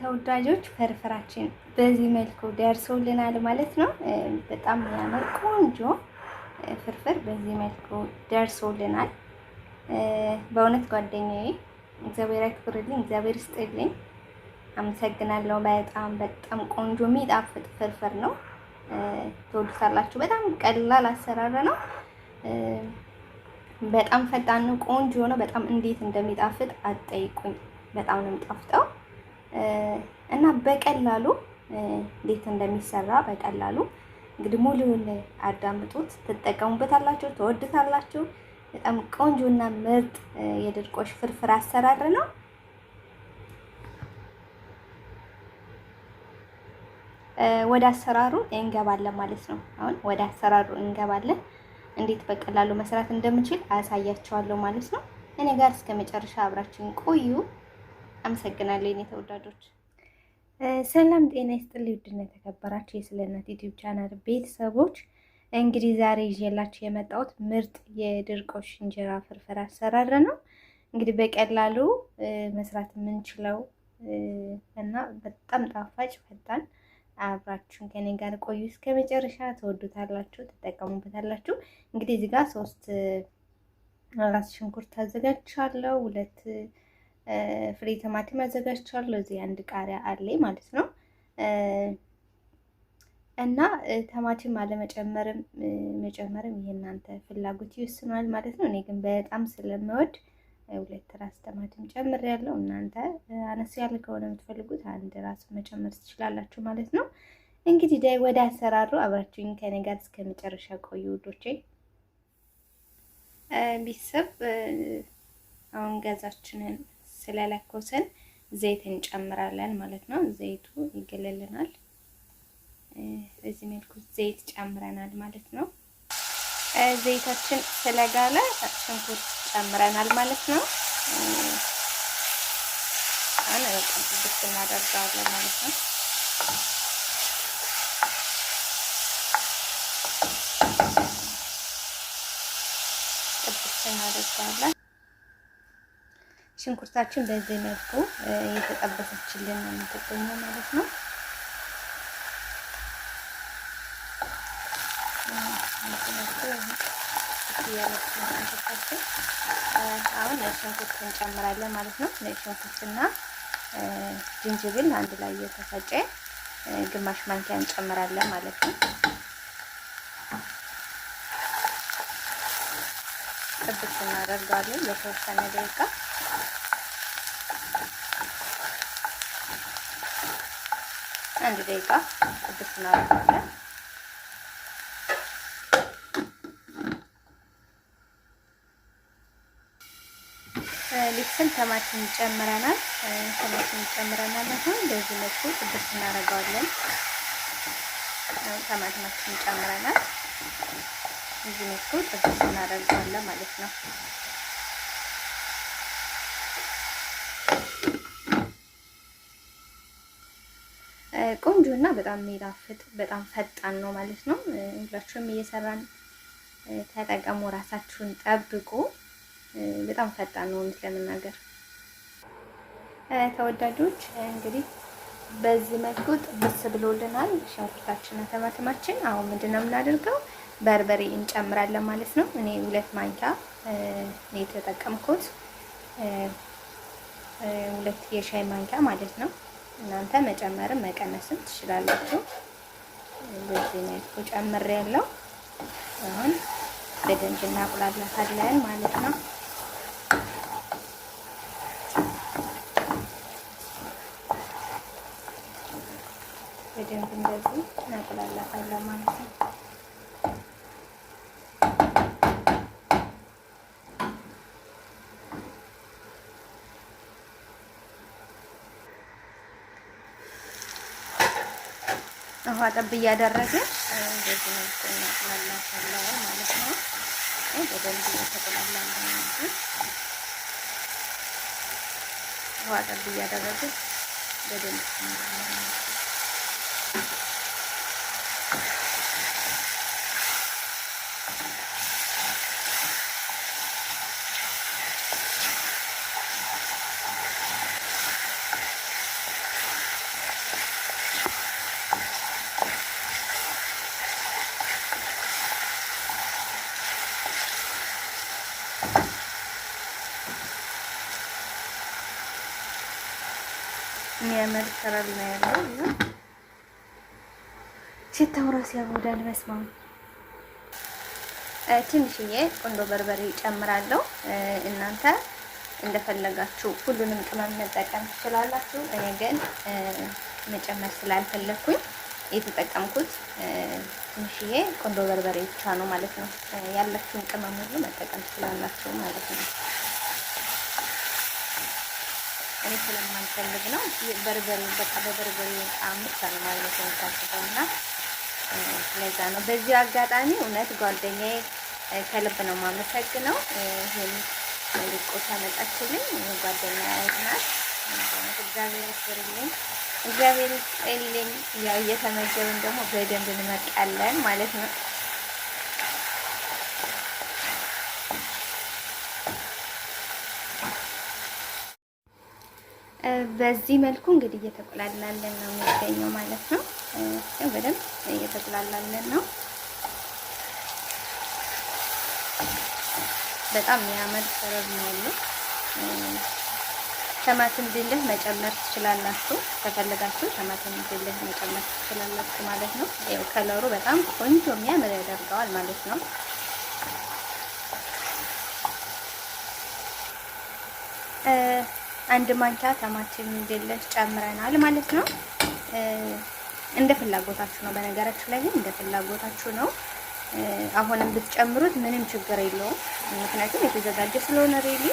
ተወዳጆች ፍርፍራችን በዚህ መልኩ ደርሶልናል ማለት ነው። በጣም የሚያምር ቆንጆ ፍርፍር በዚህ መልኩ ደርሶልናል። በእውነት ጓደኛዬ እግዚአብሔር ያክብርልኝ፣ እግዚአብሔር ይስጥልኝ። አመሰግናለሁ። በጣም በጣም ቆንጆ የሚጣፍጥ ፍርፍር ነው። ትወዱታላችሁ። በጣም ቀላል አሰራር ነው። በጣም ፈጣን ነው። ቆንጆ ነው። በጣም እንዴት እንደሚጣፍጥ አትጠይቁኝ። በጣም ነው የሚጣፍጠው። እና በቀላሉ እንዴት እንደሚሰራ በቀላሉ እንግዲህ ሙሉውን አዳምጡት፣ ትጠቀሙበታላችሁ፣ ትወዱታላችሁ። በጣም ቆንጆ እና ምርጥ የድርቆሽ ፍርፍር አሰራር ነው። ወደ አሰራሩ እንገባለን ማለት ነው። አሁን ወደ አሰራሩ እንገባለን። እንዴት በቀላሉ መስራት እንደምችል አሳያችኋለሁ ማለት ነው። እኔ ጋር እስከ መጨረሻ አብራችን ቆዩ። አመሰግናለሁ የኔ ተወዳጆች። ሰላም ጤና ይስጥልኝ። ውድና የተከበራችሁ የስለ እናት ዩቲዩብ ቻናል ቤተሰቦች እንግዲህ ዛሬ ይዤላችሁ የመጣሁት ምርጥ የድርቆሽ እንጀራ ፍርፍር አሰራር ነው። እንግዲህ በቀላሉ መስራት የምንችለው እና በጣም ጣፋጭ ፈጣን፣ አብራችሁን ከኔ ጋር ቆዩ እስከ መጨረሻ። ተወዱታላችሁ፣ ትጠቀሙበታላችሁ። እንግዲህ እዚህ ጋር ሶስት ራስ ሽንኩርት አዘጋጅቻለሁ ሁለት ፍሬ ቲማቲም አዘጋጅቻለሁ። እዚህ አንድ ቃሪያ አለ ማለት ነው። እና ቲማቲም አለመጨመርም መጨመርም ይሄ እናንተ ፍላጎት ይወስናል ማለት ነው። እኔ ግን በጣም ስለምወድ ሁለት ራስ ቲማቲም ጨምሬያለሁ። እናንተ አነስ ያለ ከሆነ የምትፈልጉት አንድ ራስ መጨመር ትችላላችሁ ማለት ነው። እንግዲህ ወደ አሰራሩ አብራችሁኝ ከኔ ጋር እስከ መጨረሻ ቆዩ ውዶቼ። ቢሰብ አሁን ገዛችንን ስለለኮሰን ዘይት እንጨምራለን ማለት ነው። ዘይቱ ይገለልናል። በዚህ መልኩ ዘይት ጨምረናል ማለት ነው። ዘይታችን ስለጋለ ሽንኩርት ጨምረናል ማለት ነው። አሁን እናደርገዋለን ማለት ነው። ብስ እናደርገዋለን ሽንኩርታችን በዚህ መልኩ እየተጠበሰችልን ነው የምትገኘው ማለት ነው። አሁን ነጭ ሽንኩርት እንጨምራለን ማለት ነው። ነጭ ሽንኩርትና ዝንጅብል አንድ ላይ እየተፈጨ ግማሽ ማንኪያ እንጨምራለን ማለት ነው። ጥብስ እናደርገዋለን ለተወሰነ ደቂቃ አንድ ደቂቃ ጥብስ እናደርጋለን። ልብስን ተማችን ጨምረናል። ተማችን ጨምረናል። አሁን በዚህ መልኩ ጥብስ እናደርገዋለን። ተማትማችን ጨምረናል። በዚህ መልኩ ጥብስ እናደርገዋለን ማለት ነው። ቆንጆ እና በጣም የሚጣፍጥ በጣም ፈጣን ነው ማለት ነው። ሁላችሁም እየሰራን ተጠቀሙ፣ ራሳችሁን ጠብቁ። በጣም ፈጣን ነው እውነት ለመናገር ተወዳጆች። እንግዲህ በዚህ መልኩ ጥብስ ብሎልናል ሽንኩርታችንና ቲማቲማችን። አሁን ምንድነው የምናደርገው? በርበሬ እንጨምራለን ማለት ነው። እኔ ሁለት ማንኪያ ነው የተጠቀምኩት፣ ሁለት የሻይ ማንኪያ ማለት ነው። እናንተ መጨመርም መቀነስም ትችላላችሁ። በዚህ መልኩ ጨምር ያለው አሁን በደንብ እናቁላላታለን ማለት ነው። በደንብ እንደዚህ እናቁላላታለን ማለት ነው። ውሃ ጠብ እያደረገ እንደዚህ መልኩ እናጥላላታለን ማለት ነው። በደንብ እየተቆላላ ውሃ ጠብ እያደረገ በደንብ የሚያምር ከረር ነው ያለው። ሽታው ራሱ ያወዳል። መስማም ትንሽዬ ቆንዶ በርበሬ ጨምራለሁ። እናንተ እንደፈለጋችሁ ሁሉንም ቅመም መጠቀም ትችላላችሁ። እኔ ግን መጨመር ስላልፈለግኩኝ የተጠቀምኩት ትንሽዬ ቆንዶ በርበሬ ብቻ ነው ማለት ነው። ያላችሁን ቅመም ሁሉ መጠቀም ትችላላችሁ ማለት ነው። እኔ ስለማልፈልግ ነው። በርበሬ በቃ በበርበሬ ጣም ማለት ነው ታስበው እና ነው። በዚህ አጋጣሚ እውነት ጓደኛዬ ከልብ ነው የማመሰግነው። ይህን ልቆት ያመጣችልኝ ጓደኛ ናት። እግዚአብሔር ይስጥልኝ፣ እግዚአብሔር ይስጥልኝ። ያው እየተመገብን ደግሞ በደንብ እንመርቃለን ማለት ነው። በዚህ መልኩ እንግዲህ እየተቆላላለን ነው የሚገኘው ማለት ነው። በደንብ እየተቆላላለን ነው። በጣም የሚያምር ጠረን ነው ያለው። ተማትን ድልህ መጨመር ትችላላችሁ፣ ከፈለጋችሁ ተማትን ድልህ መጨመር ትችላላችሁ ማለት ነው። ያው ከለሩ በጣም ቆንጆ የሚያምር ያደርገዋል ማለት ነው። አንድ ማንኪያ ተማችን እንደለች ጨምረናል ማለት ነው። እንደ ፍላጎታችሁ ነው። በነገራችሁ ላይ ግን እንደ ፍላጎታችሁ ነው። አሁንም ብትጨምሩት ምንም ችግር የለውም። ምክንያቱም የተዘጋጀ ስለሆነ ሬሊ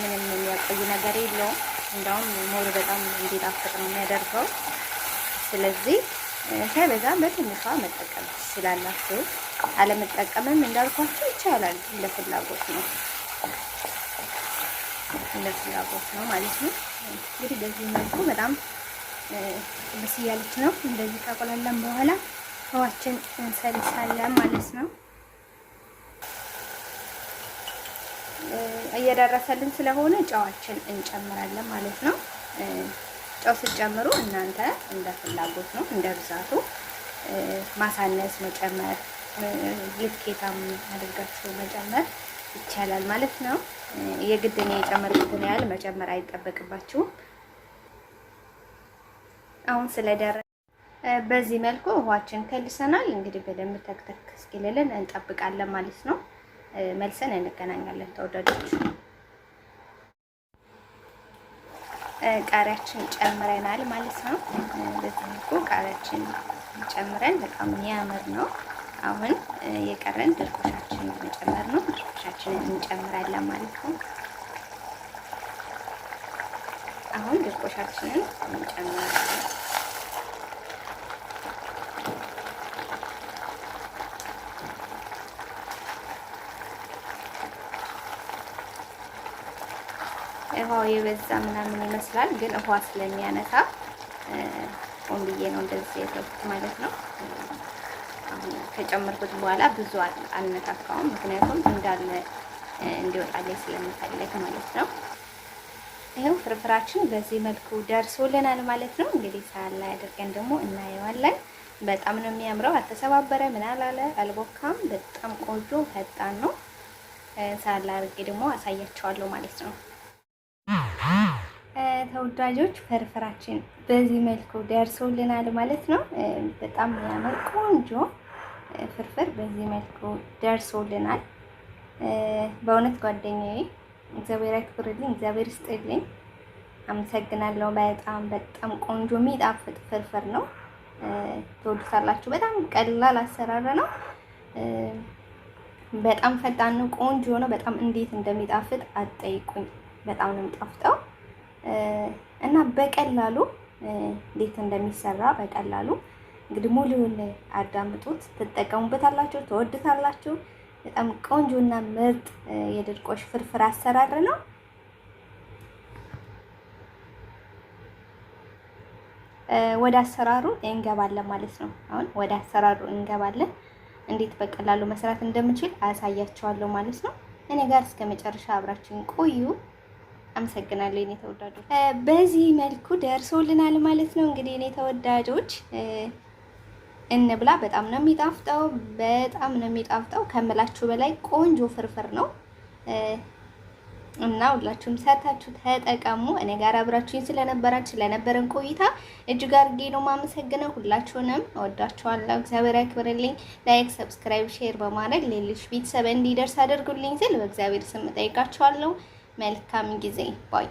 ምንም የሚያቆይ ነገር የለውም። እንደውም ሞር በጣም እንዲጣፍጥ ነው የሚያደርገው። ስለዚህ ሳይበዛ በትንሿ መጠቀም ትችላላችሁ። አለመጠቀምም እንዳልኳቸው ይቻላል። እንደ ፍላጎት ነው። እንደ ፍላጎት ነው ማለት ነው። እንግዲህ በዚህ መልኩ በጣም ብስ እያለች ነው። እንደዚህ ካቆላለን በኋላ ውሃችን እንሰልሳለን ማለት ነው። እየደረሰልን ስለሆነ ጨዋችን እንጨምራለን ማለት ነው። ጨው ስትጨምሩ እናንተ እንደ ፍላጎት ነው፣ እንደ ብዛቱ ማሳነስ፣ መጨመር፣ ልኬታም አድርጋችሁ መጨመር ይቻላል ማለት ነው። የግድ እኔ የጨመርኩትን ያህል መጨመር አይጠበቅባችሁም። አሁን ስለደረ በዚህ መልኩ ውሃችን ከልሰናል። እንግዲህ በደንብ ተክተክ እስኪልልን እንጠብቃለን ማለት ነው። መልሰን እንገናኛለን ተወዳጆች። ቃሪያችን ጨምረናል ማለት ነው። በዚህ መልኩ ቃሪያችን ጨምረን በጣም የሚያምር ነው። አሁን የቀረን ድርቆሻል ይሄን መጨመር ነው። ሽንኩርታችንን እንጨምራለን ማለት ነው። አሁን ድርቆሻችንን እንጨምራለን። ውሃው የበዛ ምናምን ይመስላል፣ ግን ውሃ ስለሚያነሳ ቆም ብዬ ነው እንደዚህ የተውኩት ማለት ነው። ከጨመርኩት በኋላ ብዙ አልነካካውም፣ ምክንያቱም እንዳለ እንዲወጣልኝ ስለምፈልግ ማለት ነው። ይኸው ፍርፍራችን በዚህ መልኩ ደርሶልናል ማለት ነው። እንግዲህ ሳህን ላይ አድርገን ደግሞ እናየዋለን። በጣም ነው የሚያምረው። አልተሰባበረ ምን አላለ አልቦካም። በጣም ቆንጆ ፈጣን ነው። ሳህን ላይ አድርጌ ደግሞ አሳያቸዋለሁ ማለት ነው። ተወዳጆች ፍርፍራችን በዚህ መልኩ ደርሶልናል ማለት ነው። በጣም የሚያምር ቆንጆ ፍርፍር በዚህ መልኩ ደርሶልናል። በእውነት ጓደኛዬ እግዚአብሔር ያክብርልኝ፣ እግዚአብሔር ይስጥልኝ። አመሰግናለሁ። በጣም በጣም ቆንጆ የሚጣፍጥ ፍርፍር ነው። ትወዱታላችሁ። በጣም ቀላል አሰራር ነው። በጣም ፈጣን ነው። ቆንጆ ነው። በጣም እንዴት እንደሚጣፍጥ አጠይቁኝ። በጣም ነው የሚጣፍጠው እና በቀላሉ እንዴት እንደሚሰራ በቀላሉ እንግዲህ ሙሉውን አዳምጡት፣ ትጠቀሙበታላችሁ፣ ትወዱታላችሁ። በጣም ቆንጆና ምርጥ የድርቆሽ ፍርፍር አሰራር ነው። ወደ አሰራሩ እንገባለን ማለት ነው። አሁን ወደ አሰራሩ እንገባለን። እንዴት በቀላሉ መስራት እንደምችል አሳያቸዋለሁ ማለት ነው። እኔ ጋር እስከ መጨረሻ አብራችሁን ቆዩ። አመሰግናለሁ የኔ ተወዳጆች። በዚህ መልኩ ደርሶልናል ማለት ነው። እንግዲህ የኔ ተወዳጆች እንብላ። በጣም ነው የሚጣፍጠው፣ በጣም ነው የሚጣፍጠው ከምላችሁ በላይ ቆንጆ ፍርፍር ነው እና ሁላችሁም ሰርታችሁ ተጠቀሙ። እኔ ጋር አብራችሁኝ ስለነበራችሁ ስለነበረን ቆይታ እጅግ አድርጌ ነው የማመሰግነው። ሁላችሁንም ወዳችኋለሁ። እግዚአብሔር ያክብርልኝ። ላይክ፣ ሰብስክራይብ፣ ሼር በማድረግ ሌሎች ቤተሰብ እንዲደርስ አድርጉልኝ ስል በእግዚአብሔር ስም እጠይቃችኋለሁ። መልካም ጊዜ ባይ